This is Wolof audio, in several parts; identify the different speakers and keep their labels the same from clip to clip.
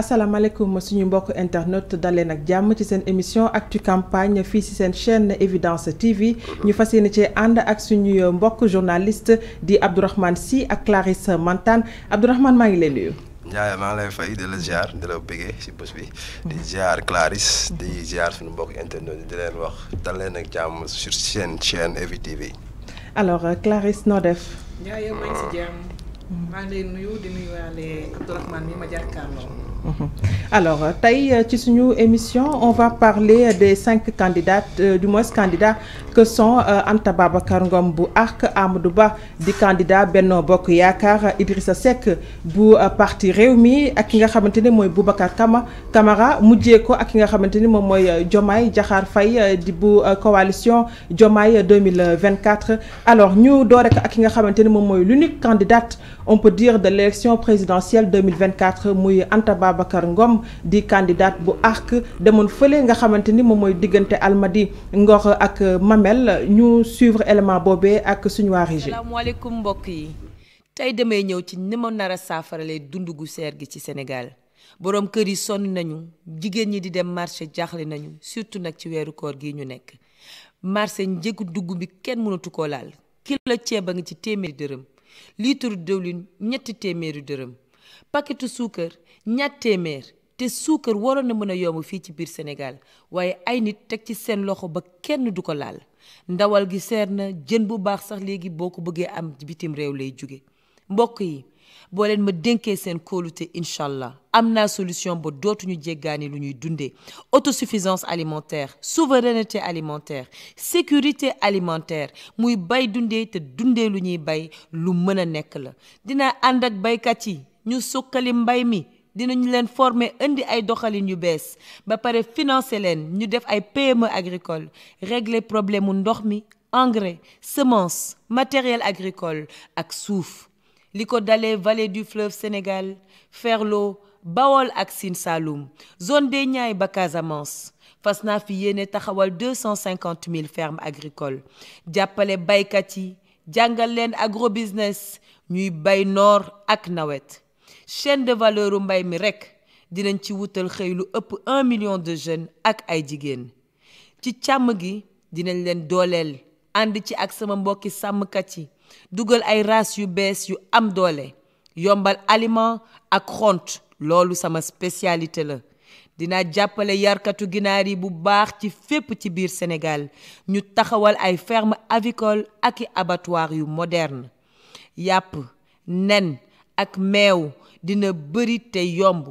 Speaker 1: asalaamaaleykum suñu mbokk internet daleen ak jàmm ci seen émission actu campagne fii si seen chaîne Evidence TV ñu fas ni ci ànd ak suñu mbokk journaliste di Abdourahmane si ak Clarisse Mantan Abdourahmane maa ngi lay nuyu.
Speaker 2: Ndiaye maa ngi leen fay di la ziar di la bëggee si bi. di ziar Clarisse di ziar suñu mbokk internet di leen wax daleen ak jàmm sur seen chaîne EVTV.
Speaker 1: alors Clarisse noo def. Ndiaye maa ngi si jàmm. maa ngi lay nuyu di nuyuwaale Abdourahmane mhm. euh, tey euh, ci suñu émission on va parler des cinq candidates euh, du moins candidats que sont euh, Anta Babacar Ngom bu ARC Amadou Ba di candidat Benno Bokk Yaakaar Idrissa Seck bu euh, parti mii ak ki nga xamante ni mooy Boubacar Kama Camara mujjee ko ak ki nga xamante ni moom mooy euh, Diomaye Diakhar Faye di bu coalition Diomaye 2024 alors ñu doore ko ak ki nga xamante ni moom mooy l'unique candidate on peut dire de l'élection présidentielle 2024 muy Anta Babacar Ngom di candidate bu ARC demoon fële nga xamante ni moom mooy diggante Almadi Ngor ak Mami mel ñu suivre élément boobee ak suñu waa régie.
Speaker 3: salaamaaleykum mbokk yi tey damay ñëw ci ni ma nar a saafaralee dund gu seer gi ci Sénégal boroom kër yi sonn nañu jigéen ñi di dem marché jaaxle nañu surtout nag ci weeru koor gi ñu nekk marché njëgu dugg bi kenn mënatu koo laal kilo ceeb a ngi ci téeméeri dërëm litre diwlin ñetti téeméeri dërëm paketu suukar ñaat téeméer te suukar waroon na mën a yomb fii ci biir Sénégal waaye ay nit teg ci seen loxo ba kenn du ko laal ndawal gi seer na jën bu baax sax léegi boo ko bëggee am bitim réew lay jóge mbokk yi boo leen ma dénkee seen kóolute incha allah am na solution ba dootuñu jéggaani lu ñuy dundee autosuffisance alimentaire souveraineté alimentaire sécurité alimentaire muy bay dundee te dundee lu ñuy bay lu mën a nekk la dina ànd ak baykat yi ñu sukkali mbay mi dinañu leen former indi ay doxalin yu bees ba pare financer leen ñu def ay pm e agricole régler problème mu ndox mi engrais semence matériel agricole ak suuf li ko dalee vallée du fleuve Sénégal Ferlo Bawol ak Sine Saloum zone des Niayes ba Casamance fas naa fi yéene taxawal deux cent cinquante mille fermes agricole jàppale baykat yi jàngal leen agrobusiness ñuy bay noor ak nawet chaîne de valeur mbay mi rekk dinañ ci wutal xëy lu ëpp un million de jeunes ak ay jigéen ci càmm gi dinañ leen dooleel ànd ci ak sama mbokki sàmmkat yi dugal ay race yu bees yu am doole yombal aliment ak xont loolu sama spécialité la dina jàppale yarkatu ginaar yi bu baax ci fépp ci biir Sénégal ñu taxawal ay ferme avicole ak i abattoir yu moderne yàpp nen ak meew dina bëri te yomb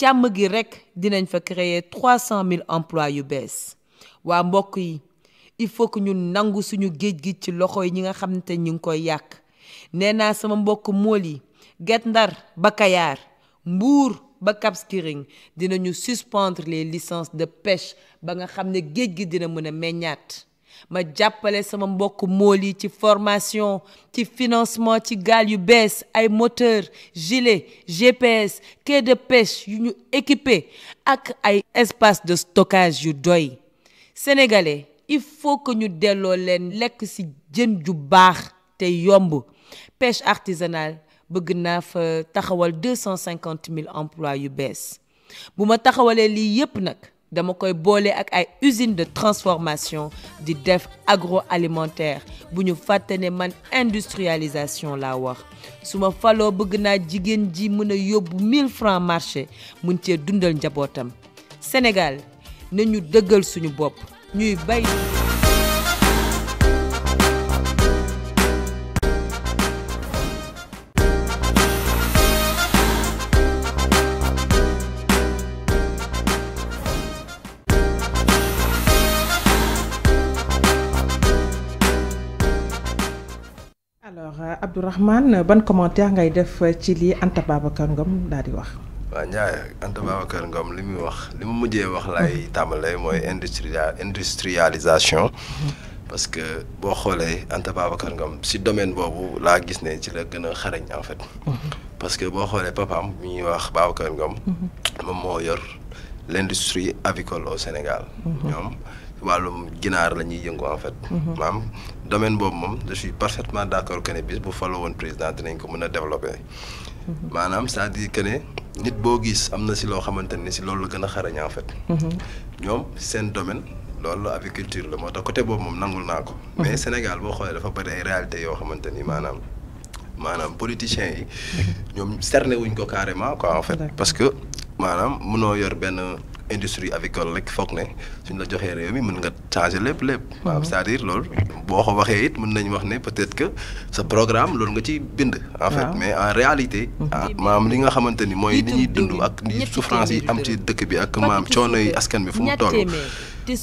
Speaker 3: càmm gi rekk dinañ fa créer trois cent mille emplois yu bees waa mbokk yi il faut que ñu nangu suñu géej gi ci loxo yi ñi nga xam te ñu ngi koy yàq nee naa sama mbokk mool yi get Ndar ba Kayaar Mbuur ba Cap Skirring dinañu suspendre les licences de pêche ba nga xam ne géej gi dina mën a meññaat ma jàppale sama mbokk mool yi ci formation ci financement ci gaal yu bees ay moteur gilet GPS quai de pêche yu ñu équipé ak ay espace de stockage yu doy sénégalais il faut que ñu delloo leen lekk si jën ju baax te yomb pêche artisanale bëgg naa fa taxawal deux cent cinquante mille emplois yu bees bu ma taxawalee lii yépp nag dama koy boole ak ay usine de transformation di def agro alimentaire bu ñu fàtte ne man industrialisation laa wax su ma faloo bëgg naa jigéen ji mën a yóbbu 1000 francs marché mun cee dundal njabootam Sénégal nañu dëggal suñu bopp ñuy bay
Speaker 1: Abdourahmane ban commentaire ngay def ci lii Anta Babacar Ngom daal di wax.
Speaker 2: waaw Ndiaye Anta Babacar Ngom li muy wax li mu mujjee wax lay mhm. tàmbalee mooy industria industrialisation. Mhm. parce que boo xoolee Anta Babacar Ngom si domaine boobu laa gis ne ci la gën a xarañ en fait. Mhm. parce que boo xoolee papaam mi ñuy wax Babacar Ngom. moom moo yor l' industrie avicole au Sénégal. ñoom wàllum ginaar la ñuy yëngu en maam domaine boobu moom je parfaitement d' accord que ne bis bu faloo woon président dinañ ko mën a développer. Mhm. maanaam c' est à dire nit boo gis am na si loo xamante ne si loolu la gën a xarañ en fait. Mhm. ñoom seen domaine loolu agriculture la moo tax côté boobu moom nangul naa ko. Mhm. mais Sénégal boo xoolee dafa bëri ay réalité yoo xamante ni maanaam maanaam politiciens yi ñoom cerner wuñ ko carrément quoi en parce que maanaam mënoo yor benn. industrie avicole rek foog ne suñ la joxee réew mi mën nga changer lépp lépp. waaw mhm. cest lool boo ko waxee it mën nañu wax ne peut-être que sa programme loolu nga ci bind. en fait mais en réalité. Mhm. ah maam li nga xamante ni mooy li ñuy dund ak ni souffrance yi am ci dëkk bi ak maam coono yi askan bi fu mu toll.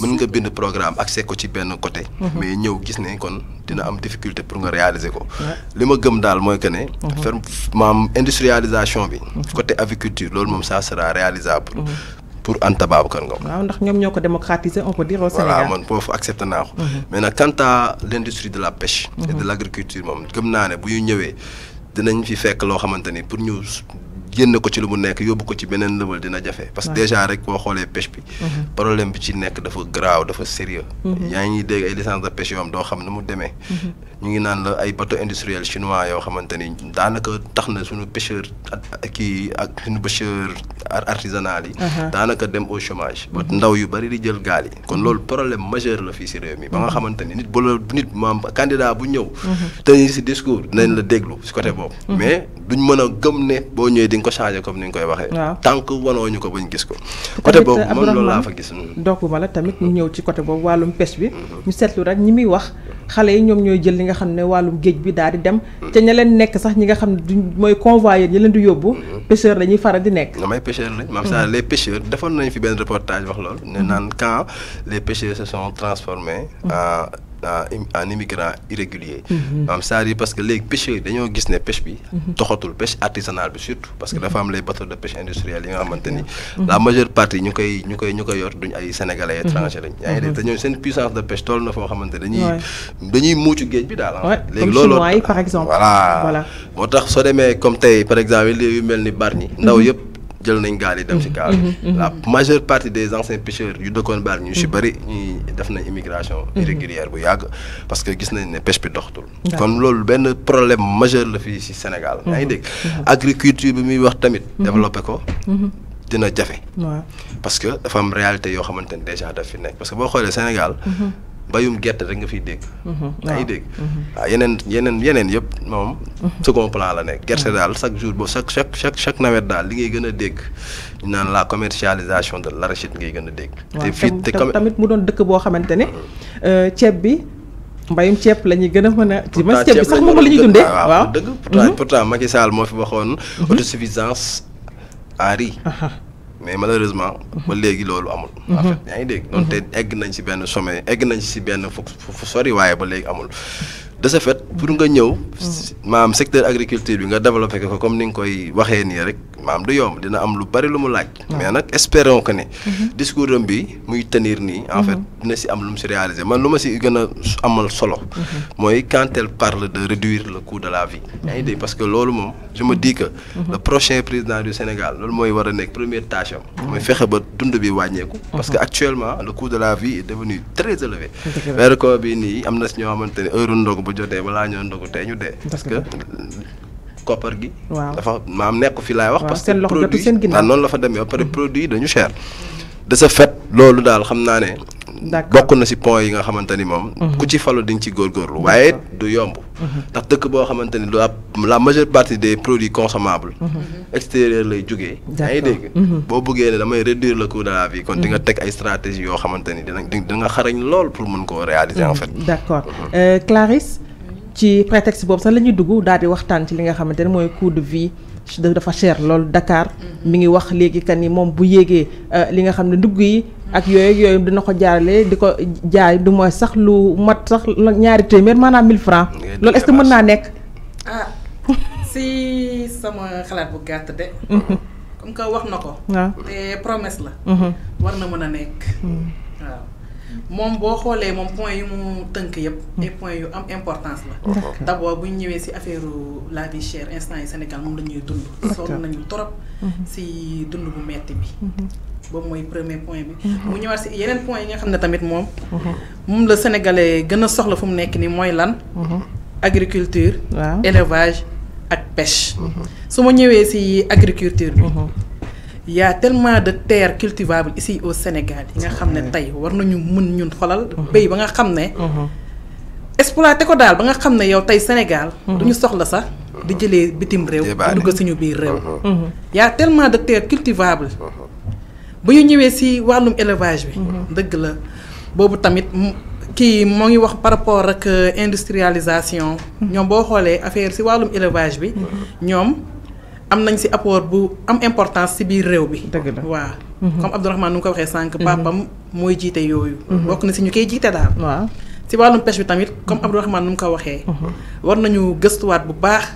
Speaker 2: mën nga bind programme accès ko ci benn côté. Mhm. mais ñëw gis ne kon dina am difficulté pour nga réaliser ko. li ma gëm daal mooy que ne. ferme maam industrialisation bi. côté aviculture loolu moom ça sera réalisable. pour Anta Babacar Ngom.
Speaker 1: waaw ndax ñoom ñoo ko démocratiser on peut dire au Sénégal voilà man
Speaker 2: foofu accepté naa ko. Mhm. mais nag quant à de la pêche. de mhm. l' moom gëm naa ne bu ñu ñëwee dinañ fi fekk loo xamante ni pour ñu. génn ko ci lu mu nekk yóbbu ko ci beneen level dina jafe. parce que déjà rek boo xoolee pêche bi. Mhm. problème bi ci nekk dafa grave dafa sérieux mhm. yaa ngi dégg ay licence de pêche yoo am doo xam mhm. tax na suñu pêcheur artisanal yi. Uh-huh. daanaka dem au chômage. ndaw yu bari di jël gaal yi. kon loolu problème majeur la fii si mi ba nga xamante nit bu nit maam candidat bu ñëw. te si discours dinañ la déglu si côté boobu. mais duñ mën a gëm ne boo duñ ko changé comme ni ñu koy waxee. waaw tant que wanoo ñu ko bañ gis ko. côté boobu euh, man loolu laa fa gis. Hmm.
Speaker 1: donc ma la tamit ñu ñëw ci côté boobu wàllum pêche bi. Mhm. ñu seetlu rek ñi muy wax xale yi ñoom ñooy jël li nga xam ne wàllum géej bi daal di dem. te ña leen nekk sax ñi nga xam ne duñ mooy convoyeur ñi leen di yóbbu. Mhm. pêcheur lañuy faral di nekk.
Speaker 2: damay pêcheur lañ. maam saa mhm. les pêcheurs defoon nañ fi benn reportage wax loolu. ne naan quand les pêcheurs se sont transformés en en euh, immigrant irrégulier maanaam mhm. c'est-à-dire parce que léegi pêcheurs yi dañoo gis ne pêche bi mhm. doxatul pêche artisanale bi surtout parce que mhm. dafa am les bateaux de pêche industrielle yi nga xamante ni la majeure partie ñu koy ñu koy ñu koy yor duñ ay sénégalais étrangers lañ yaa ngi dégg te ñoom seen puissance de pêche toll na foo xamante dañuy dañuy muucu géej bi daal ah. léegi loolu par exemple moo tax soo demee comme tey par exemple yu mel ni Bargny ndaw yëpp jël nañ gaal yi dem si gaal mhm, mhm, la mhm. majeure partie des anciens pêcheurs yu dëkkoon baal ñu si bëri ñuy def na immigration irrégulière bu yàgg parce que gis nañ ne pêche bi doxtul kon loolu benn problème majeur la fi si Sénégal yaa ngi dégg agriculture bi muy wax tamit développé ko dina jafe parce que dafa am réalité yoo xamante ne déjà daf fi nekk parce que boo xoolee Sénégal bayum gerte rek nga fi dégg.
Speaker 1: Mhm, waaw ay dégg.
Speaker 2: waaw mhm. ah, yeneen yeneen yeneen yëpp moom. second plan la nekk gerte mhm. daal chaque jour ba chaque chaque chaque chaque nawet daal li ngay gën a dégg ñu naan la commercialisation de l'arachide ngay gën a dégg. te fii te tamit
Speaker 1: mu doon dëkk boo xamante ne euh, ceeb bi. mbayum ceeb lañuy gën a mën a. pourtant ceeb bi sax moom la ñuy dundee ah,
Speaker 2: waaw dëgg pourtant pourtant Macky Sall moo fi waxoon autosuffisance à mais malheureusement. Mhm. ba léegi loolu amul. Mhm. en fait yaa ngi dégg. donc egg nañ ci benn sommet egg nañ ci benn fu sori waaye ba léegi amul. de ce fait pour nga ñëw. Mm. maam secteur agriculture bi nga développé ko comme ni nga koy waxee nii rek maam du yomb dina am lu bari lu mu laaj. Mm. mais nag espérons que ne. Mm-hmm. discours am bi muy tenir nii. en fait mm-hmm. dina si am lu mu si réaliser man lu ma si gën a amal solo. Mm-hmm. mooy quand parle de réduire le coût de la vie. parce que loolu moom je me prochain président du Sénégal loolu mooy war a nekk première tâche am. mooy ba dund bi wàññeeku. parce que actuellement bu jotee balaa ñoo ndogu tey ñu dee. parce que gi. dafa maam nekk fi laay wax. parce que produit waaw noonu la fa demee ba pare mm-hmm. produit dañu cher. de ce fait loolu daal xam naa ne. bokk na si point yi nga xamante ni moom. Mm-hmm. ku ci falu di nga ci góorgóorlu waaye. du yomb. ndax dëkk boo xamante ni la la majeure partie des produits consommables. Mhm. extérieur lay jugee. d' accord dégg mhm. boo buggee ne damay réduire le coût de la vie. kon di nga mhm. teg ay stratégies yoo xamante ni dinañ xarañ lool pour mën koo réaliser en fait.
Speaker 1: d' euh, Clarisse ci prétexte boobu sax la dugg daal di waxtaan ci li nga xamante mooy coût de vie. dafa cher loolu Dakar mi ngi wax léegi kan ni moom bu yéegee euh, li nga xam ne dugg yi ak yooyu yooyu dina ko jaarale di ko jaay du mooy sax lu mat sax ñaari téeméer maanaam mil francs loolu est-ce mën naa nekk ah si sama xalaat bu gàtt de mhm. comme que wax na ko ah. te promesse la mhm. war na mën a nekk mhm. moom boo xoolee moom point yu mu tënk yëpp. ay mm. point yu am importance la. d' abord bu ñu ñëwee si affaire la vie chère instant yi Sénégal moom la ñuy dund. sonn nañu trop. si mm-hmm. dund bu metti bi. Mm-hmm. boobu mooy premier point bi. Mm-hmm. mu ñëwaat si yeneen point yi nga xam ne tamit moom. moom la sénégalais gën a soxla fu mu nekk nii mooy lan. agriculture. élevage ak pêche. su ma ñëwee si agriculture bi. il y a tellement de terres cultivables ici au Sénégal yi nga xam ne tey war nañu mun ñu xolal uh-huh. béy ba nga xam ne uh-huh. exploité ko daal ba nga xam ne yow tey Sénégal uh-huh. duñu soxla sax di jëlee bitim réew dugg suñu biir réew y a tellement de terres ñu ñëwee si wàllum élevage bi dëgg la boobu tamit kii moo ngi wax par rapport ak euh, industrialisation ñoom boo xoolee affaire si wàllum élevage bi ñoom am nañ si apport bu am importance si biir réew bi. dëgg la waaw. Mhm. comme Abdourahmane nu mu ko waxee sànq. Mhm. papam mooy jiite yooyu. Mhm. bokk na si ñu koy jiite daal. waaw si wàllum pêche bi tamit comme Abdourahmane nu mu ko waxee. war nañu gëstuwaat bu baax.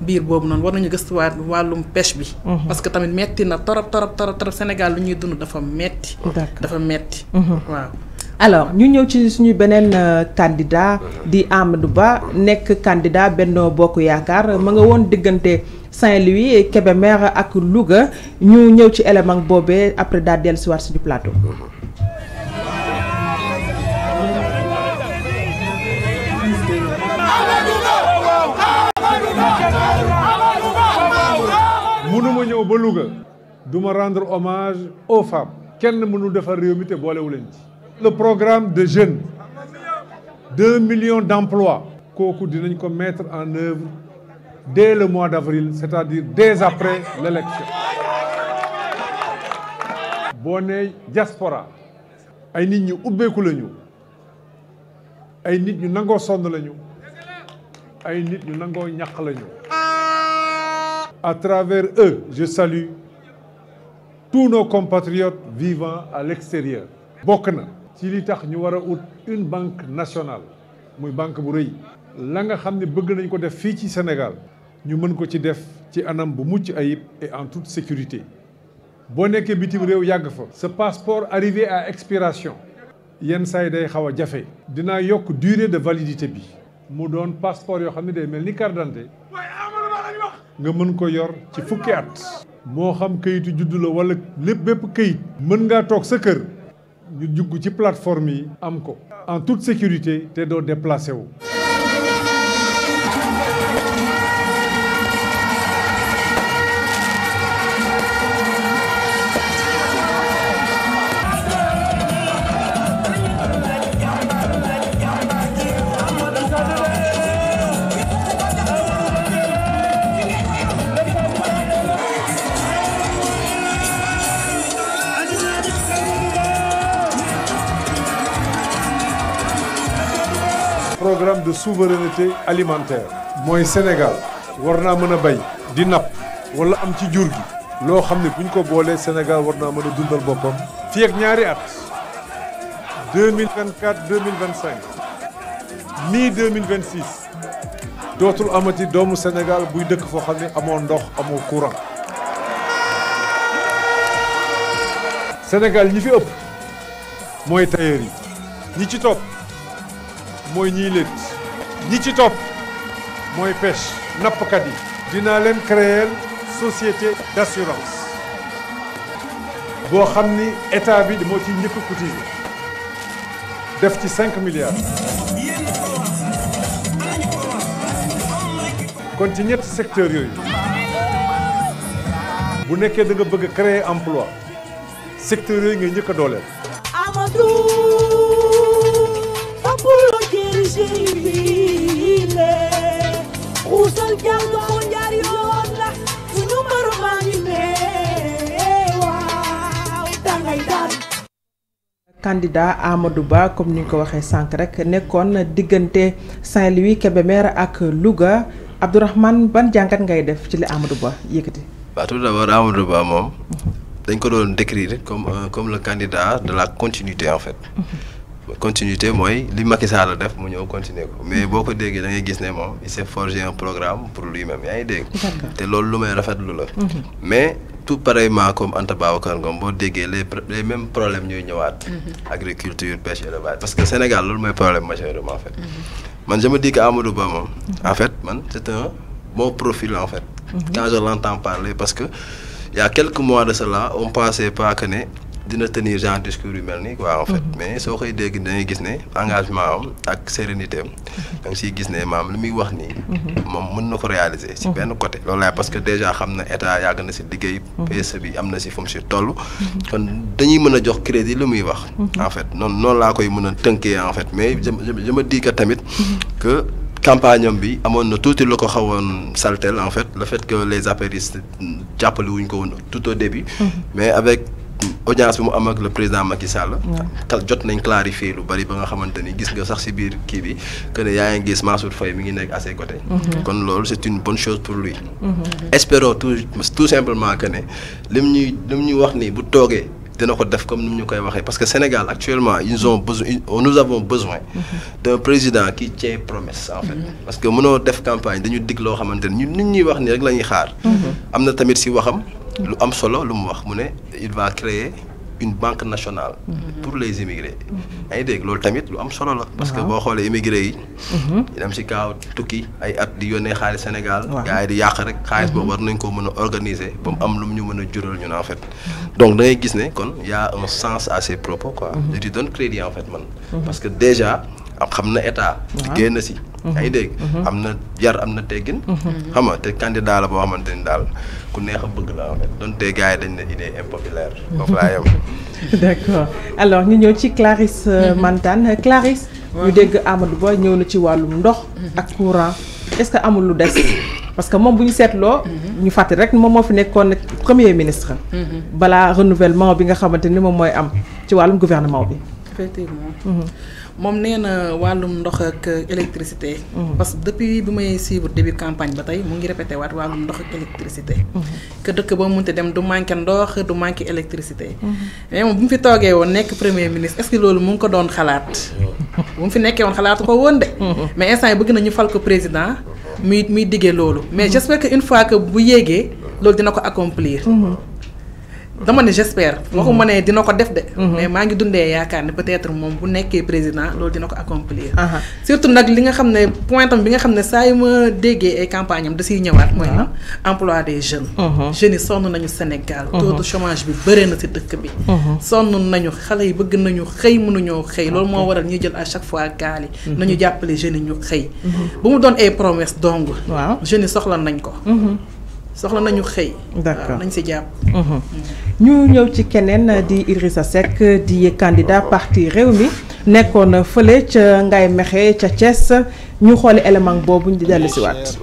Speaker 1: biir boobu noonu war nañu gëstuwaat wàllum pêche bi. parce que tamit metti na torop torop torop torop Sénégal lu ñuy dund dafa metti dafa metti waaw. alors ñu ñëw ci suñu beneen euh, candidat di Amadou Ba nekk candidat Benno Bokk Yaakaar ma nga woon diggante. Saint-Louis Kébémer ak luga ñu ñëw ci élément boobe après da daal dellusiwaat suñu plateau.
Speaker 4: mënuma ñëw ba Louga du ma rendre hommage aux femmes kenn mënul defar réew mi te boolewu leen ci le programme de jeunes deux millions d'emplois kooku dinañ ko mettre en œuvre dès le mois d'avril, c'est-à-dire dès après l'élection. boo nee diaspora ay nit ñu ubbeeku lañu ay nit ñu nangoo sonn lañu ay nit ñu nangoo ñàq lañu à travers eux je salue tous nos compatriotes vivant à l'extérieur bokk na ci li tax ñu war a ut une banque nationale muy banque bu rëy la nga xam ne bëgg nañ ko def fii ci Sénégal ñu mën ko ci def ci anam bu mucc ayib et en tout sécurité boo nekkee bitim réew yàgg fa sa passeport arrivé à expiration yenn saa yi day xaw a jafe dinaa yokk durée de validité bi mu doon passeport yoo xam ne day mel ni carte nga mën ko yor ci fukki at moo xam kayitu juddu la wala lépp bépp këyit mën ngaa toog sa kër ñu jugg ci plateforme yi am ko en tout sécurité te doo déplacé wu programme de souveraineté alimentaire mooy Sénégal war naa mën a bay di napp wala am ci jur gi loo xam ne bu ñu ko boolee senegal war naa mën a dundal boppam fii ñaari at 2024 2025 mi 2026 dootul amati doomu senegal buy dëkk foo xam ne amoo ndox amoo courant Sénégal ñi fi ëpp mooy tailleur ñi ci topp mooy ñiy létt ñi ci topp mooy pêche nappkat yi dinaa leen créer société d'assurance boo xam ni état bi moo ci njëkk cotisé def ci cinq milliards kon ci ñetti secteurs yooyu bu nekkee da nga bëgg créer emploi secteurs yooyu ngay njëkk a dooleel
Speaker 3: ci le xuusal jàll doomu njaar la suñu mbaru maa ngi nee waaw tàngay daan
Speaker 1: candidat Amadou Ba comme ni ñu ko waxee sànq rek nekkoon diggante Saint-Louis Kébémer ak Louga Abdourahmane ban jàngat ngay def ci li Amadou Ba yëkkati.
Speaker 2: waaw tout d'abord Amadou Ba moom dañ ko doon décrire comme euh, comme le candidat de la continuité en fait. Mhm. continuité mooy li Macky Sall def mu ñëw continuer ko mais boo ko déggee da gis ne moom il s'est forgé un programme pour lui-même yaa dégg. te loolu lu may rafetlu la. Mhm. mais tout pareillement comme Anta Babacar Ngom boo déggee les les mêmes problèmes ñooy ñëwaat. Mhm. agriculture pêche élevage. parce que Sénégal loolu mooy problème majeurum mhm. man je me dis Ba moom. en fait man c'est un bon profil en fait. quand je l'entends parler parce que y a dina tenir genre discours yu mel nii quoi en fait mhm. mais soo koy dégg dañuy gis ne engagement am ak sérénité am mhm. da gis ne maam li muy wax nii mhm. moom mën na ko réaliser si benn côté loolu laay parce que déjà xam na état yàgg na si liggéey PSE bi am na si fu mu si toll kon dañuy mën a jox crédit lu muy wax en fait noonu noonu laa koy mën a tënkee en fait mais je me tamit que campagne bi amoon na tuuti lu ko xawoon saltel en fait le fait que les apéristes jàppale wuñ ko woon tout au début audience bi mu am ak le président Macky Sall. kal jot nañ clarifier lu bari ba nga xamante ni gis nga sax ci biir kii bi que ne yaa ngi gis Mansour Faye mi ngi nekk à ses côtés. Mhm. kon loolu c'est une chose pour lui. Mhm. espérons tout simplement que ne lim ñuy lim ñuy wax ni bu toogee. dina ko def comme ni ñu koy waxee parce que Sénégal actuellement ils ont besoin oh, nous avons besoin mm-hmm. d'un président qui tient promesse en fait mm-hmm. parce que mënoo def campagne dañu dig loo xamante ni nit ñuy wax ni rek la ñuy xaar mm-hmm. am na tamit si waxam lu am solo lu mu wax mu ne il va créer une banque nationale. Mm-hmm. pour les immigrés. Mm-hmm. yaa dégg loolu tamit lu am solo la. parce que boo xoolee immigré yi. ñu mm-hmm. dem ci kaaw tukki ay at di yónnee xaalis Sénégal. gars yi di yàq rek xaalis boobu war nañ ko mën a ba mu am lu ñu mën a jural ñun en fait. donc da ngay gis ne kon y a un sens à propos quoi. je te donne crédit en man. parce que déjà. am xam na état. liggéey na si. Mhm. yaa dégg. Mhm. am na yar am na teggin. Mhm. xam nga te candidat la boo xamante ni daal ku neex a bëgg la en fait donte gars yi dañ ne idée impopulaire. foofu laa yem.
Speaker 1: d'accord alors ñu ñëw ci Clarisse euh, Mantane Clarisse. ñu dégg Amadou Ba ñëw na ci wàllum ndox. ak courant est-ce que amul lu des. parce que moom bu ñu seetloo. ñu fàttali rek moom moo fi nekkoon premier ministre. balaa renouvellement bi nga xamante ni moom mooy am ci wàllum gouvernement bi. moom nee na wàllum ndox ak électricité. Mhm. parce que depuis bi may suivre début campagne ba tey mu ngi répété waat wàllum ndox ak électricité. Mhm. que dëkk ba mu munti dem du manqué ndox du manqué électricité. Mhm. mais moom bu mu fi toogee woon nekk premier ministre est-ce loolu mu ngi ko doon xalaat. bu mu fi nekkee woon xalaatu ko woon de. mais instant yi bëgg nañu fal ko président. muy muy diggee loolu. mais j'espère que une fois que bu yéegee loolu dina ko accomplir. dama ne j'espère. Mhm. waxuma ne dina ko def de. Mhm. mais maa ngi dundee yaakaar ne peut moom bu nekkee président loolu dina ko accomplir. surtout nag li nga xam ne point bi nga xam ne saa yu ma déggee ay campagne am da siy ñëwaat. mooy lan emploi des jeunes. Mhm. jeunes yi sonn nañu Sénégal. taux de bi bëree na si dëkk bi. sonn nañu xale yi bëgg nañu xëy mënuñoo xëy loolu moo waral ñuy jël à chaque fois gaal nañu jàppale jeunes ñu xëy. bu mu doon ay promesse dong. waaw soxla nañ ñu ñëw ci keneen di Idrissa Seck di candidat parti réew mi nekkoon fële ca Ngaye Mekhe ca Thiès ñu xooli élément boobu ñu di dellu si waat.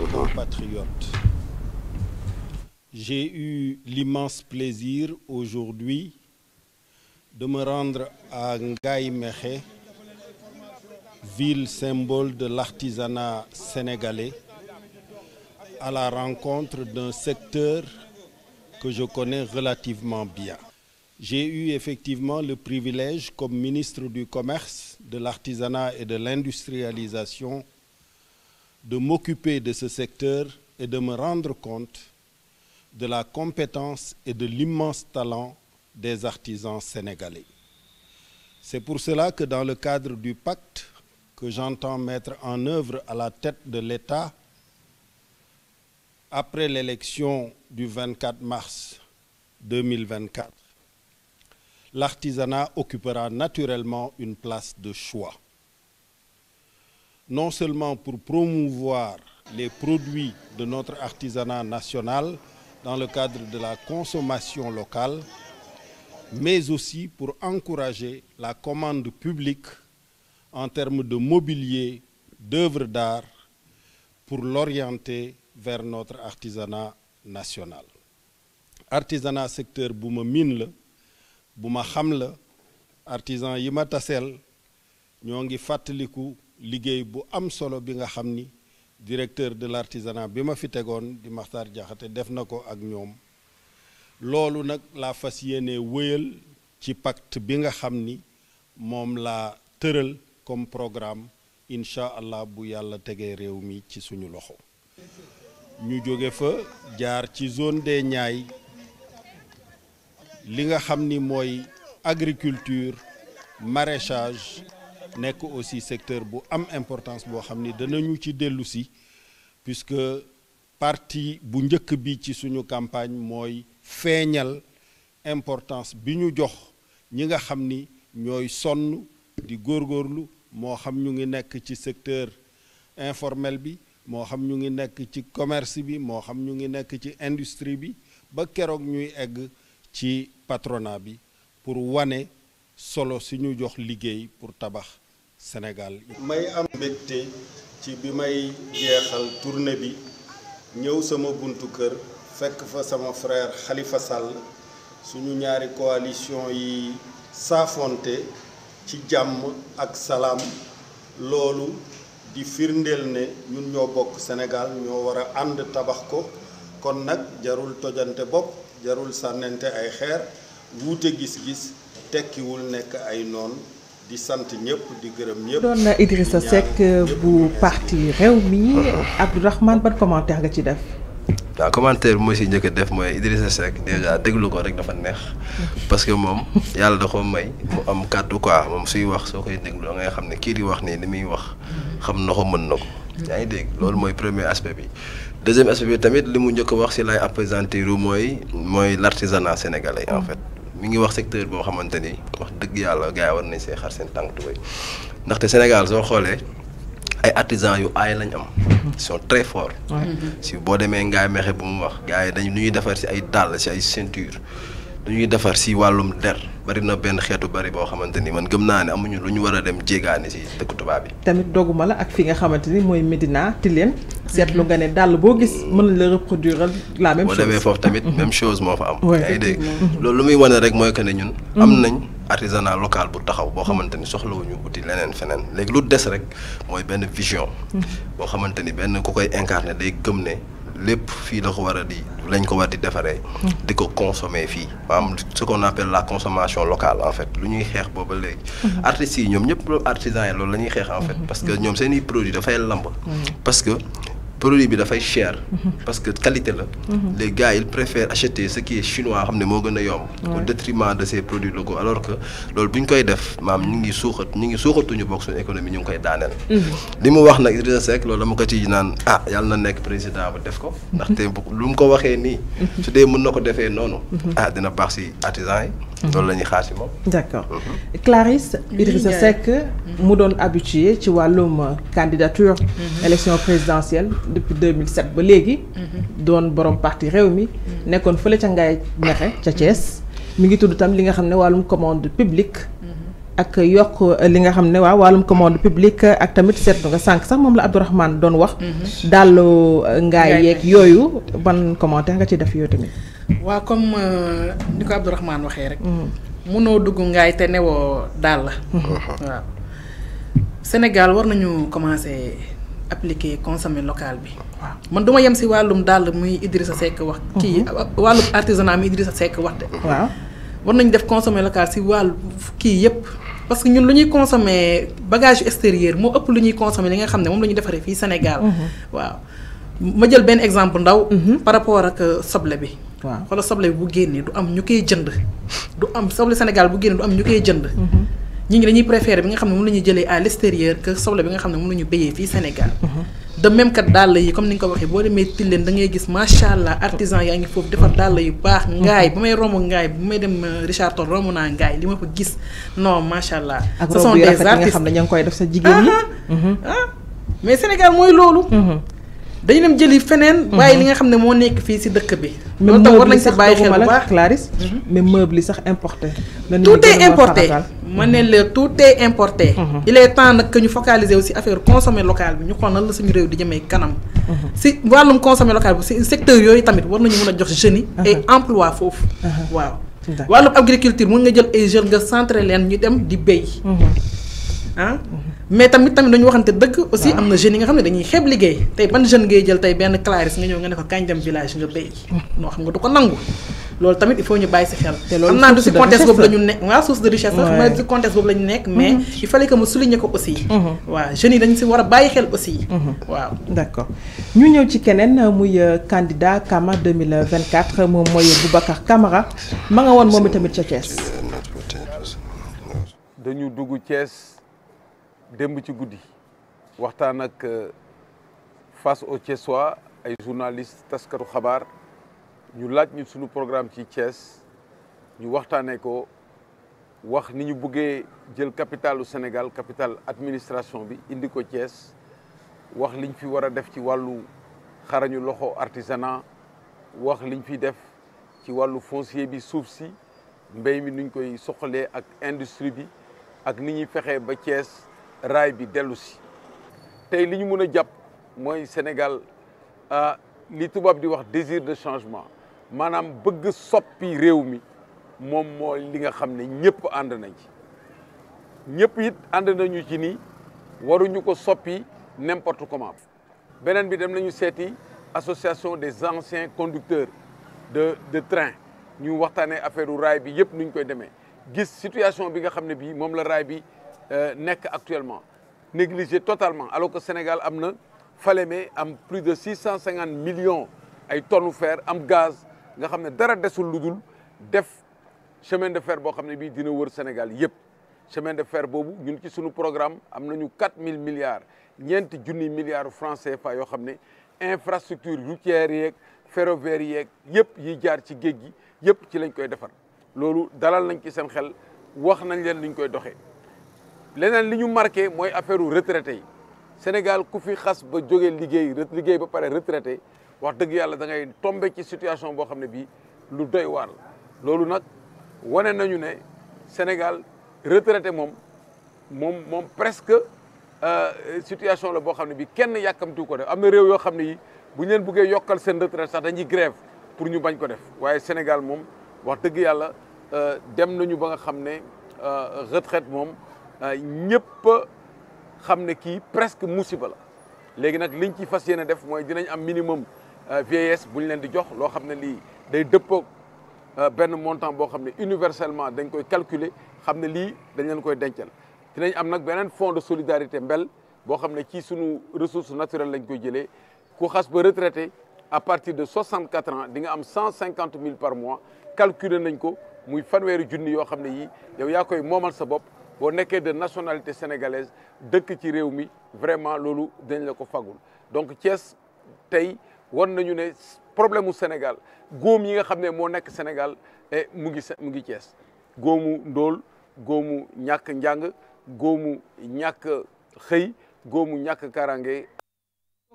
Speaker 5: J'ai eu l'immense plaisir aujourd'hui de me rendre à Ngaye Mekhe, ville symbole de l'artisanat sénégalais, à la rencontre d'un secteur que je connais relativement bien. J'ai eu effectivement le privilège, comme ministre du Commerce, de l'Artisanat et de l'Industrialisation, de m'occuper de ce secteur et de me rendre compte de la compétence et de l'immense talent des artisans sénégalais. C'est pour cela que dans le cadre du pacte que j'entends mettre en œuvre à la tête de l'État, après l'élection du 24 mars 2024, l'artisanat occupera naturellement une place de choix. Non seulement pour promouvoir les produits de notre artisanat national dans le cadre de la consommation locale, mais aussi pour encourager la commande publique en termes de mobilier, d'œuvres d'art, pour l'orienter vers notre artisanat national artisanat secteur bu ma miin la bu ma xam la artisan yi ma taseel ñoo ngi fàttaliku liggéey bu am solo bi nga xam ni directeur de l'artisanat bi ma fi tegoon di maxtar Jaxate def na ko ak ñoom loolu nag laa fas yéene wéyal ci pacte bi nga xam ni moom laa tëral comme programme incha allah bu yàlla tegee réew mi ci suñu loxo ñu jóge fa jaar ci zone des Niayes li nga xam ni mooy agriculture maraîchage nekk aussi secteur bu am importance boo xam ni danañu ci dellusi si puisque partie bu njëkk bi ci suñu campagne mooy feeñal importance bi ñu jox ñi nga xam ni ñooy sonn di góorgóorlu moo xam ñu ngi nekk ci secteur informel bi moo xam ñu ngi nekk ci commerce bi moo xam ñu ngi nekk ci industrie bi ba keroog ñuy egg ci patronat bi pour wane solo si ñu jox liggéey pour tabax Sénégal. may am mbégte ci bi may jeexal tournée bi ñëw sama buntu kër fekk fa sama frère Khalifa Sall suñu ñaari coalition yi saafonte ci jàmm ak salaam loolu. di firndeel ne ñun ñoo bokk Sénégal ñoo war a ànd tabax ko kon nag jarul tojante bopp jarul sànnante ay xeer wuute gis-gis tekkiwul nekk ay noon di sant ñëpp di gërëm ñëpp. doon na Idrissa Seck
Speaker 1: bu parti réew mi Abdourahmane ban commentaire nga ci def.
Speaker 2: waaw commentaire bi mooy si njëkk def mooy Idrissa Seck dèjà déglu ko rek dafa neex parce que moom yàlla da ko may mu am kàddu quoi moom suy wax soo koy déglu da ngay xam ne kii di wax nii li muy wax xam na ko mën na ko. yaa ngi dégg loolu mooy premier aspect bi deuxième aspect bi tamit li mu njëkk a wax si lay appesantir mooy mooy l' artisanat sénégalais en fait. mi ngi wax secteur boo xamante ni wax dëgg yàlla gaa yi war nañ see xar seen tànk tubéy ndaxte Sénégal soo ay artisans yu aay lañ am. Mhm. ils sont très forts. Mhm. si boo demee Ngaye Mexe bu mu wax gars yi dañu lu ñuy defar si ay dàll si ay ceinture lu ñuy defar si wàllum der bari na benn xeetu bari boo xamante ni man gëm naa ne amuñu lu ñu war a dem jéegaani si dëkk tubaab bi.
Speaker 1: tamit doguma la ak fi nga xamante ni mooy Medina Tilène mhm. seetlu nga ne dàll boo gis mm. mën nañ la reproduire la même chose
Speaker 2: foofu tamit même chose moo fa am. ay loolu lu muy wane rek mooy que ne ñun am nañ. artisanat local bu taxaw boo xamante ni soxlawuñu uti leneen feneen léegi lu des rek mooy benn vision. Mm-hmm. boo xamante ni benn ku koy incarné day gëm ne lépp fii la ko war a di lañ ko war di defaree. Mm-hmm. di ko consommer fii maanaam ce qu'on appelle la consommation locale en fait lu ñuy xeex booba léegi. Mm-hmm. artistes yi ñoom ñëpp artisans yi loolu la ñuy xeex en fait. parce que ñoom seen i produits dafay lamb. parce produit bi dafay cher. Mhm. parce qualité la. Mhm. les gars ils acheter ce qui chinois xam ne moo gën a yomb. au détriment de ces produits locaux alors que loolu bu ñu koy def maam ñu ngi suuxat ñu ngi suuxatuñu bokk suñu économie ñu ngi koy daaneel. Mhm. li mu wax nag loolu dama ko ciy naan ah yàlla na nekk président ba def ko. ndaxte bu lu mu ko waxee nii. su dee mën na ko defee noonu. ah dina baax si artisan yi. loolu la ñuy xaar si moom.
Speaker 1: d' accord mhm. Clarisse Idrissa Seck mhm. mu doon habitué ci wàllum candidature. Mhm. élection présidentielle depuis deux mille 2007 ba léegi. doon borom parti réew mi. nekkoon fële ca Ngaye Mekhe ca Thiès. mi ngi tudd tam li nga xam ne wàllum commande publique. ak yokk euh, li nga xam ne waaw wàllum commande publique euh, ak tamit seetlu nga sànq sax moom la Abdourahmane doon wax. Mhm. dàllu euh, ngaay yeeg yooyu ban commentaire nga ci def yooyu tamit. waaw comme ni ko Abdourahmane waxee rek. Mhm. munoo dugg ngaay te newoo dàll. Mhm. waaw Sénégal war nañu commencé appliquer consommer locale bi. waaw man du ma yem si wàllum dàll muy Idrissa Seck wax. kii wàllum artisanat mi Idrissa Seck wax de. waaw. war nañu def consommer local si wàllu kii yëpp parce que ñun lu ñuy consommer bagage extérieur moo ëpp lu ñuy consommer li nga xam ne moom la ñuy defaree fii Sénégal. Mhm. waaw ma jël benn exemple ndaw. Mhm. par rapport ak euh, soble bi. waaw xoolal soble bi bu génnee du am ñu koy jënd. du am soble Sénégal bu génnee du am ñu koy jënd. Mhm. ñi ngi dañuy préférer bi nga xam ne moom la ñuy jëlee à l'extérieur que soble bi nga xam ne moom la ñu béyee fii Sénégal. de même kat dàll yi comme ni nga ko waxee boo demee Tilène da ngay gis macha allah artisan yaa ngi foofu defar dàll yu baax. Mm-hmm. ngaay ba may romb ngaay bu may dem euh, Richard Toll romb naa ngaay li ma fa gis non macha allah. ce son des artistes xam ne ña koy def sa jigéen ñi. Ah, ah. Mm-hmm. Ah. mais Sénégal mooy loolu. Mm-hmm. dañu dem jëli feneen. bàyyi li nga xam ne moo nekk fii si dëkk bi. loolu tam war nañ si bàyyi xel bu baax même sax Clarisse. mais meuble yi sax importé. tout est ma ne la tout est importé. Mm-hmm. il est temps nag que ñu focaliser aussi affaire consommer local bi ñu xool nan la suñu réew di jëmee kanam. Mm-hmm. si wàllum consommer local bi si secteur yooyu tamit war nañu mën a jox jeunes yi. ay mm-hmm. emploi foofu. waaw wàllum agriculture mun nga jël ay jeunes nga centré leen ñu dem di béy. ah mais tamit tamit dañu waxante dëgg aussi ah. am na jeunes yi nga xam ne dañuy xeeb liggéey tey ban jeune ngay jël tey benn clarisse nga ñëw nga ne ko kañ dem village nga xam nga du ko nangu. loolu tamit il faut ñu bàyyi si xel am naa du si contexte boobu la ñu nekk waaw source de richesse sax ma si mais mm-hmm. il fallait que mu souligner ko aussi mm-hmm. waaw jeunes yi dañ si war a bàyyi xel aussi mm-hmm. waaw d'accord ñu ñëw ci keneen muy candidat euh, Kama 2024 moom mooy Boubacar Camara ma nga woon moom itamit ca Thiès
Speaker 6: dañu dugg Thiès démb ci guddi waxtaan ak euh, face au Thiessois ay journalistes taskatu xabaar ñu laaj ñu suñu programme ci Thiès ñu waxtaanee ko wax ni ñu buggee jël capitalu Sénégal capital administration bi indi ko cees wax liñ fi war a def ci wàllu xarañu loxo artisanat wax liñ fi def ci wàllu foncier bi suuf si mbéy mi nuñ koy soxalee ak industrie bi ak ni ñuy fexee ba Thiès raay bi dellu si tey li ñu mun a jàpp mooy Sénégal ah, li tubaab di wax désir de changement maanaam bëgg soppi réew mi moom moo li nga xam ne ñëpp ànd nañ ci ñëpp yit ànd nañu ci nii waruñu ko soppi n'importe comment beneen bi dem nañu seeti association des anciens conducteurs de de train ñu waxtaanee affaire u raay bi yëpp nuñ koy demee gis situation bi nga xam ne bii moom la raay bi euh, nekk actuellement négligé totalement alors que Sénégal am na Falémé am plus de six cent cinquante millions ay tonnes fer am gaz nga xam ne dara desul lu dul def chemin de fer boo xam ne bii dina wër Sénégal yëpp chemin de fer boobu ñun ci suñu programme am nañu mille milliards ñeenti junni milliards francs CFA yoo xam ne infrastructure routière yeeg ferroviaire yeeg yëpp yi jaar ci géej gi yëpp ci lañ koy defar loolu dalal nañ ki seen xel wax nañ leen niñ koy doxee leneen li ñu marqué mooy affaire retraité Sénégal ku fi xas ba jógee liggéey liggéey ba pare retraité wax dëgg yàlla da ngay tombé ci situation boo xam ne bii lu doy waar la loolu nag wane nañu ne Sénégal retraité moom moom moom presque euh, situation la boo xam ne bii kenn yàkkamtu ko def am na réew yoo xam ne yi bu ñu leen buggee yokkal seen retraite sax dañuy grève pour ñu bañ ko def waaye Sénégal moom wax dëgg yàlla euh, dem nañu ba nga xam ne euh, retraite moom ñëpp xam ne kii presque musiba la léegi nag liñ ci fas yéene def mooy dinañ am minimum Euh, vieillesse bu ñu leen di jox loo xam ne lii day dëppoog euh, benn montant boo xam ne universellement dañ koy calculer xam ne lii dañ leen koy dencal dinañ am nag beneen fonds de solidarité mbel boo xam ne ci suñu ressource naturelle lañ koy jëlee ku xas ba retraité à partir de 64 ans di nga am 150 000 par mois calculer nañ ko muy fanweeri junni yoo xam ne yii yow yaa koy moomal sa bopp boo nekkee de nationalité sénégalaise dëkk ci réew mi vraiment loolu dañ la ko fagul donc Thiès tey wan nañu ne problème mu Sénégal góom yi nga xam ne moo nekk Sénégal eh, mu ngi mu ngi Cees góomu ndóol góomu ñàkk njàng góomu ñàkk xëy góomu ñàkk karange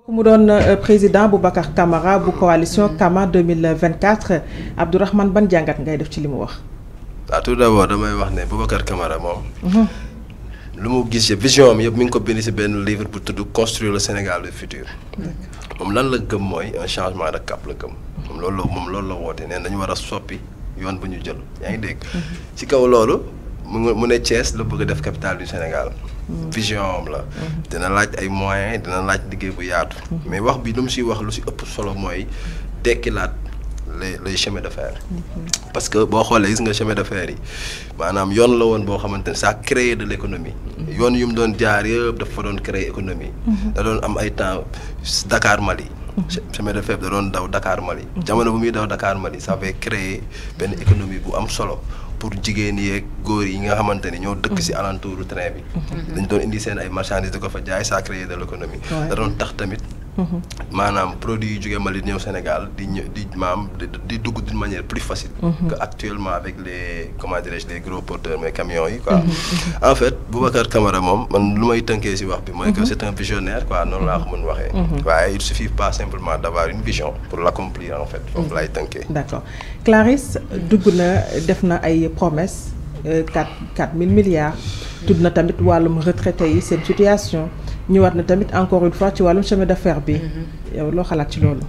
Speaker 1: mu doon euh, président Boubacar Camara bu coalition Kama 2024 Abdourahmane ban jàngat ngay def ci li mu wax.
Speaker 2: ah tout d'abord damay wax ne Boubacar Camara moom. Mhm. lu mu gis yëpp vision am yëpp mu ngi ko bind ci benn livre bu tudd construire le Sénégal du futur moom lan la gëm mooy un changement de cap la gëm moom loolu la moom loolu la woote neen dañu war a soppi yoon bu ñu jël yaa ngi dégg mhm. ci kaw loolu mu ne Thiès la bëgg a def capitale du Sénégal mhm. vision am la mhm. dina laaj ay moyen dina laaj liggéey bu yaatu mais wax bi lu mu si wax lu ci ëpp solo mooy tekki tekkilaat les les chemins de fer. parce que boo xoolee gis nga chemin de fer yi maanaam yoon la woon boo xamante ne ça créé de l' économie. yoon yu mu doon jaar yëpp dafa doon créer économie. da doon am ay temps Dakar Mali. chemin de fer da doon daw Dakar Mali. jamono bu muy daw Dakar Mali ça avait créé benn économie bu am solo. pour jigéen yeeg góor yi nga xamante ni ñoo dëkk ci alentouru train bi. Mhm. dañ doon indi seen ay marchandises ko fa jaay ça créé de l' da doon tax tamit. maanaam produit yu jógee Mali ñëw Sénégal di ñëw di maam di dugg d'une manière plus facile. Mhm. que actuellement avec les comment de je les gros porteurs mais camions yi a mhm. mhm. en fait Boubacar Camara moom man lu may tënkee ci wax bi. mooy que c'est un visionnaire quoi noonu laa ko mën waxee. waaye il suffit pas simplement d'avoir une vision pour l'accomplir en fait. foofu laay tënkee.
Speaker 1: d'accord Clarisse dugg na def na ay promesses euh, quatre mille milliards. tudd na tamit wàllum ñëwaat na tamit encore une fois ci wàllum chemin d'affaires bi. Mm-hmm. yow loo xalaat ci loolu.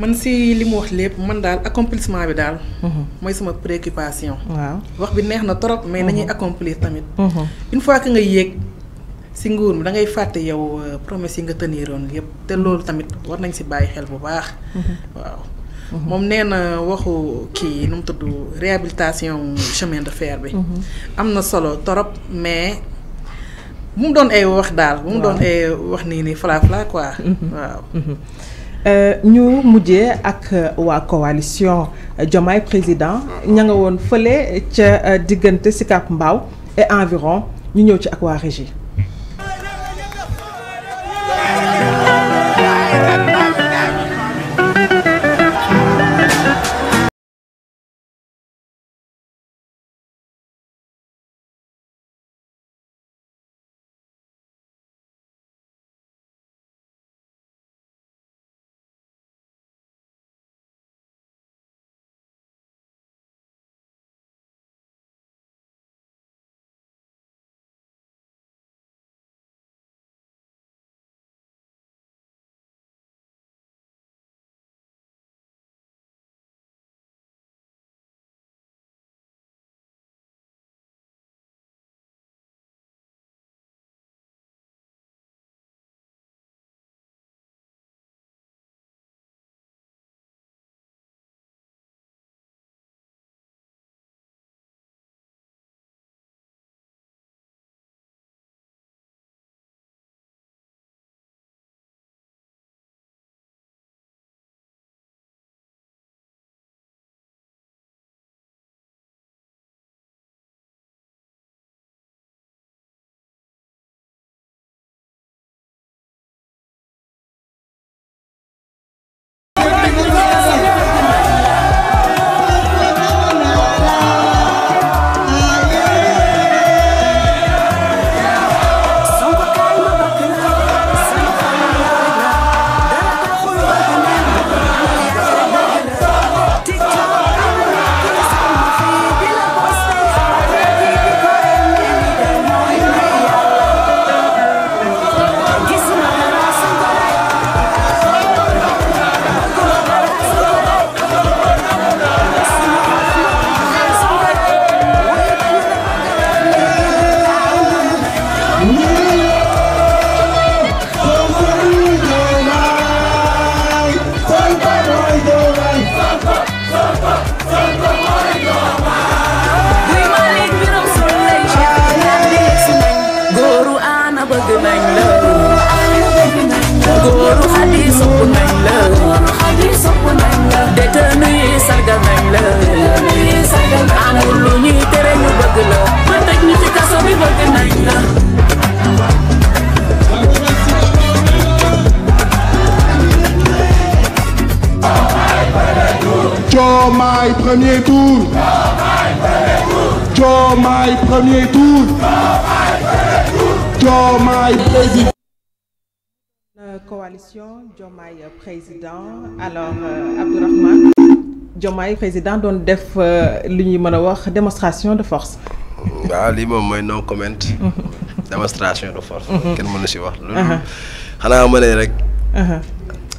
Speaker 1: man si li mu wax lépp man daal accomplissement bi daal. Mm-hmm. mooy sama préoccupation. waaw wax bi neex na trop mais nañuy mm-hmm. accomplir tamit. une fois que nga yéeg si nguur mi da ngay fàtte yow euh, promesse yi nga tëniroon yépp te loolu tamit war nañ si bàyyi xel bu baax. waaw moom nee na waxu ki nu mu tudd réhabilitation chemin de fer bi. am na solo trop mais. mu doon ay wax daal mu doon ay wax nii nii fala fala quoi. Mm-hmm. Mm-hmm. waaw. Euh, ñu mujjee ak euh, waa coalition euh, Diomaye président ña nga woon fële ca diggante Sicap Mbao et environ ñu ñëw ci ak waa régie.
Speaker 5: Diomaye premier tour. Diomaye premier tour. Diomaye président.
Speaker 1: coalition Diomaye président alors euh, Abdourahmane Diomaye président doon def euh, li ñuy mën a wax démonstration de force.
Speaker 2: waaw lii moom mooy non comment. démonstration de force. Mhm. kenn mënu si wax. xanaa ma rek.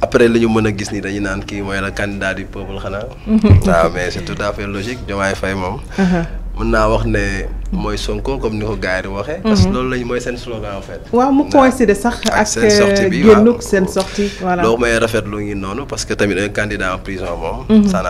Speaker 2: après la ñu mën a gis ni dañu naan kii mooy la candidat du peuple xanaa. waaw mais c'est tout à logique Diomaye Faye moom. Uh-huh. mën naa wax ne. mooy Sonko comme ni ko gars yi waxee. Mhm. parce que loolu lañ mooy seen slogan en fait.
Speaker 1: waaw mu coïncide sax ak seen sortie euh, bi génnuk seen sortie voilà.
Speaker 2: ngi noonu parce tamit mhm. n'a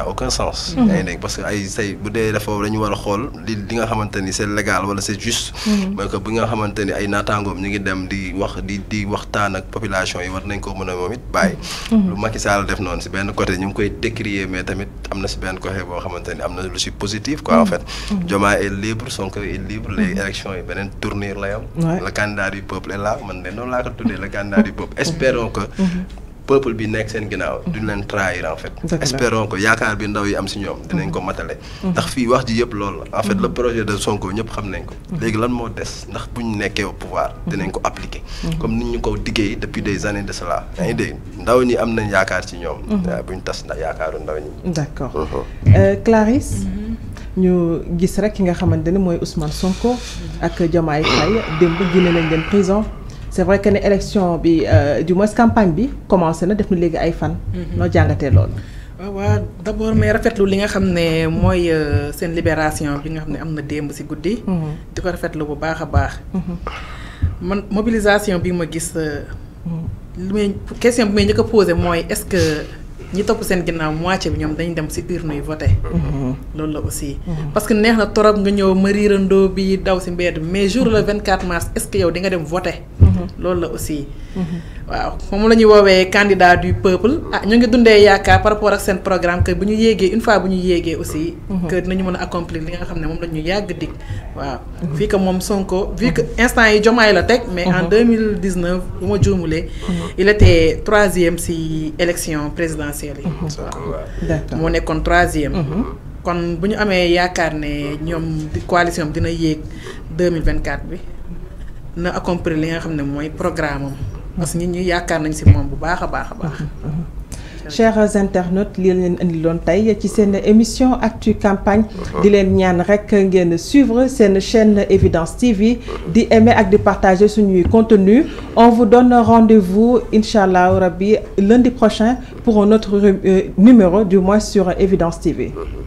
Speaker 2: aucun sens. day mhm. nekk ay say bu dee dafa dañu war a xool li nga xamante ni c'est légal wala juste. mooy que bi nga xamante ay naataangoom ñu ngi dem di wax di di waxtaan ak population yi war nañ ko mën a moom it bàyyi. lu Macky Sall def noonu si benn côté ñu ngi koy décrier mais tamit am na si benn côté boo xamante est libre les élections yi beneen tournure lay am. le candidat du peuple est là man de noonu laa ko tuddee le candidat du peuple. espérons que. Mhm. peuple bi nekk seen ginnaaw duñ mhm. leen trahir en fait espérons que yaakaar bi ndaw yi am si ñoom dinañ ko mhm. matale ndax fii wax ji yëpp loolu en fait le projet de Sonko ñëpp xam nañ ko léegi lan moo des ndax buñ nekkee pouvoir dinañ ko appliquer comme nit ñu ko diggee depuis des années de cela yaa ngi dégg ndaw ñi am nañ yaakaar ci
Speaker 1: ñu gis rek ki nga xamante ne mooy Ousmane Sonko ak Diomaye Faye démb génne nañ leen prison c'est vrai que ne élection bi euh, du moins campagne bi commencé na def na léegi ay fan. Mhm. noo jàngatee ah, li nga xam ne mooy euh, seen libération bi nga xam ne am na démb ci guddi. Mhm. di ko rafetlu bu baax a baax. Mhm. man mobilisation bi ma gis. Euh, li may question bi may njëkk a mooy est ñi topp seen ginnaaw moitié bi ñoom dañ dem si urne yi voté. Mhm. loolu la aussi. Mhm. parce que neex na torop nga ñëw ma riirandoo bi daw si mbedd mais jour le 24 mars est yow di dem voté. Mhm. loolu la aussi. waaw moom la woowee candidat du peuple ah ñu ngi dundee yaakaar par rapport ak seen programme que bu ñu yéegee une fois bu ñu yéegee aussi. que dinañu mën a accomplir li nga xam ne moom la yàgg dig waaw. fii que moom Sonko vu que instant essentiel yi. Mhm. d'accord moo nekkoon troisième. Mhm. kon bu ñu amee yaakaar ne ñoom coalition dina yéeg deux mille vingt quatre bi na accomplir li nga xam ne mooy programme am. parce que nit ñi yaakaar nañ ci moom bu baax a baax a baax. Mhm. chers internautes lii leen indi loon tey ci seen émission actu campagne uh-huh. di leen ñaan rek ngeen suivre seen chaîne Evidence TV uh-huh. di aimer ak di partager suñuy contenu on vous donne rendez-vous incha allah rabbi lundi prochain pour un autre euh, numéro du moins sur Evidence TV uh-huh.